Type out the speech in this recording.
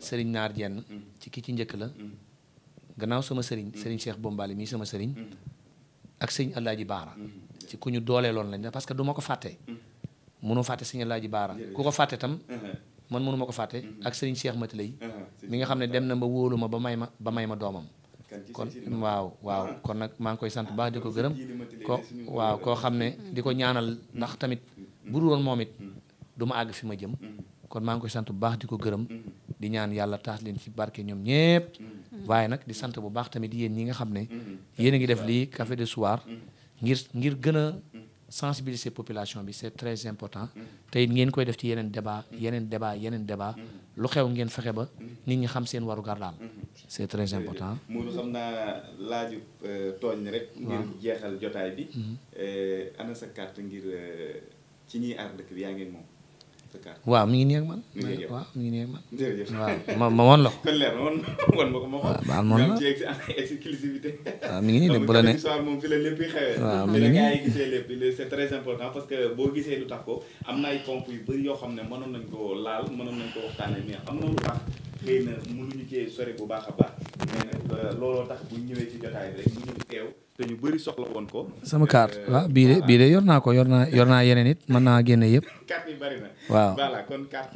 sëriñ naar jenn hmm. ci ki ci njëkk la hmm. gannaaw sama sëriñ hmm. sëriñ Cheikh Bombali mii sama sëriñ ak sëñ Alaaji Baara ci ku ñu dooleeloon lañ la parce que du ko fàtte mënoo fàtte sëñ Alaaji Baara ku ko fàtte tam man mënu ma ko fàtte ak sëriñ ma Matilay mi nga xam ne dem na ba wóolu ma ba may ma ba may ma doomam kon waaw waaw kon nag maa ngi koy sant baax di ko ah, gërëm ko waaw koo xam ne di ko ñaanal ndax tamit bu dul woon moom it du ma àgg fi ma jëm kon maa di ñaan yàlla taas leen ci barke ñoom ñépp mm-hmm. waaye nag di sant bu baax tamit yéen ñi nga xam ne mm-hmm. yéen a ngi def lii café du soir mm-hmm. ngir ngir gën a sensibiliser population bi c'est très important tey ngeen koy def ci yeneen débat yeneen débat yeneen débat lu xew ngeen fexe ba nit ñi xam seen warugar daal c'est très important euh, Modou xam naa laaju euh, tooñ rek ngir jeexal jotaay bi euh, ana sa carte ngir ci ñiy aar yaa ngeen moom waaw mi ngi nii ak man. waaw mi ngi nii ak man. jërëjëf waaw ma ma woon la ko. kon leer woon woon ma ko ma xool. waaw ma woon la ci exclusivité. waaw ah, mi ngi nii de bu la ne moom fi la lépp xewee. waaw yi gisee lépp c'est très important parce que boo gisee lu tax ko am na ay yu bëri yoo xam ne mënoon nañ ko laal mënoon nañ ko waxtaanee mais am na lu tax xëy na mënuñu cee sori bu baax a baax Euh, looloo tax bu ñëwee ci jotaay rek ñu ngi te ñu bëri soxla woon ko. sama carte euh, waaw bii de bii de yor naa ko yor naa yor naa yeneen it mën naa génne yépp waaw